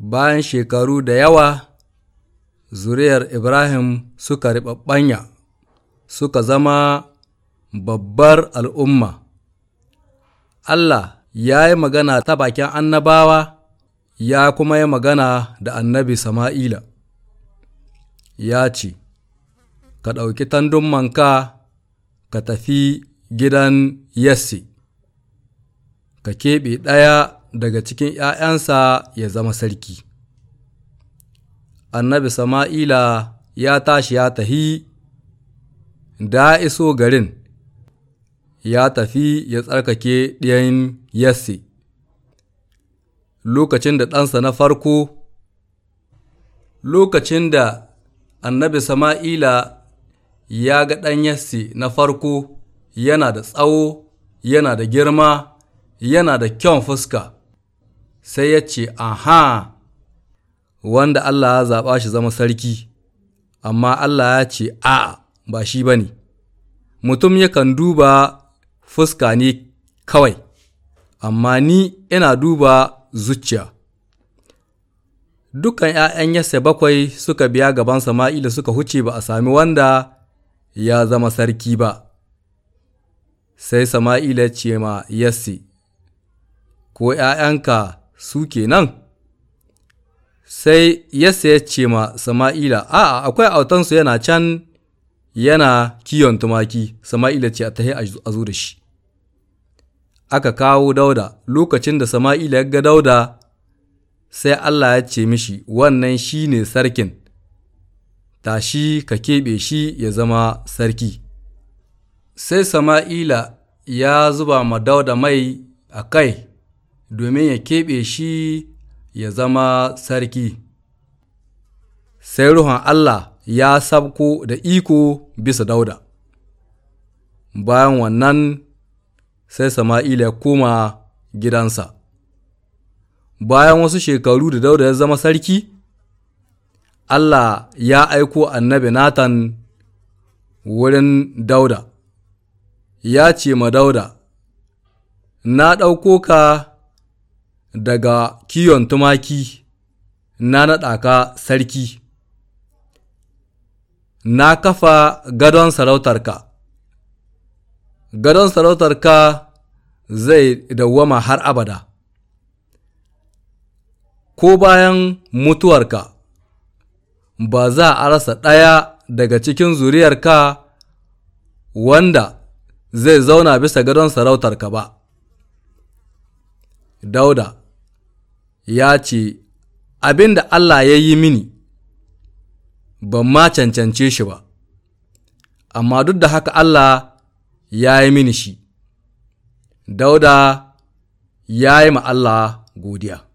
Bayan shekaru da yawa, zuriyar Ibrahim suka riɓaɓɓanya, suka zama babbar al'umma. Allah ya yi magana ta bakin annabawa, ya kuma yi magana da annabi Sama'ila, ya ce, Ka ɗauki tandun manka, ka tafi gidan Yassi, ka keɓe ɗaya daga cikin ’ya'yansa ya zama sarki. Annabi Sama'ila ya tashi ya tahi, da ya iso garin, ya tafi ya tsarkake ɗiyan Yesse, lokacin da ɗansa na farko, lokacin da annabi Sama'ila ya ga ɗan yasse na farko yana da tsawo, yana da girma, yana da kyan fuska. sai ya ce, Aha, wanda Allah ya zaɓa shi zama sarki, amma Allah ya ce, A'a, ba shi ba ne, mutum yakan duba fuska ne kawai, amma ni ina duba zuciya. Dukan ’ya'yan Yasse bakwai suka biya gaban Sama'ila suka huce ba a sami wanda ya zama sarki ba. Sai Sama'ila ce ma Yasse, Ko ’ya'yanka su kenan sai yasa ya ce ma sama'ila a'a akwai autansu yana can yana kiyon tumaki sama'ila ce a tahi a zo da shi aka kawo dauda lokacin da sama'ila ya ga dauda sai allah ya ce mishi wannan shi ne sarkin tashi ka keɓe shi ya zama sarki sai sama'ila ya zuba ma dauda mai a kai domin ya keɓe shi ya zama sarki. Sai Ruhun Allah ya sabko da iko bisa dauda. Bayan wannan sai Sama'ila ya koma gidansa. Bayan wasu shekaru da dauda ya zama sarki, Allah ya aiko annabi Natan wurin dauda, ya ce ma dauda, Na ɗauko ka daga kiwon tumaki na naɗa ka sarki, na kafa gadon sarautarka, gadon sarautarka zai dawwama har abada, ko bayan mutuwarka ba za a rasa ɗaya daga cikin zuriyarka wanda zai zauna bisa gadon sarautarka ba. Dauda ya ce abin da Allah ya yi mini ban ma cancance shi ba amma duk da haka Allah ya yi mini shi dauda ya yi ma Allah godiya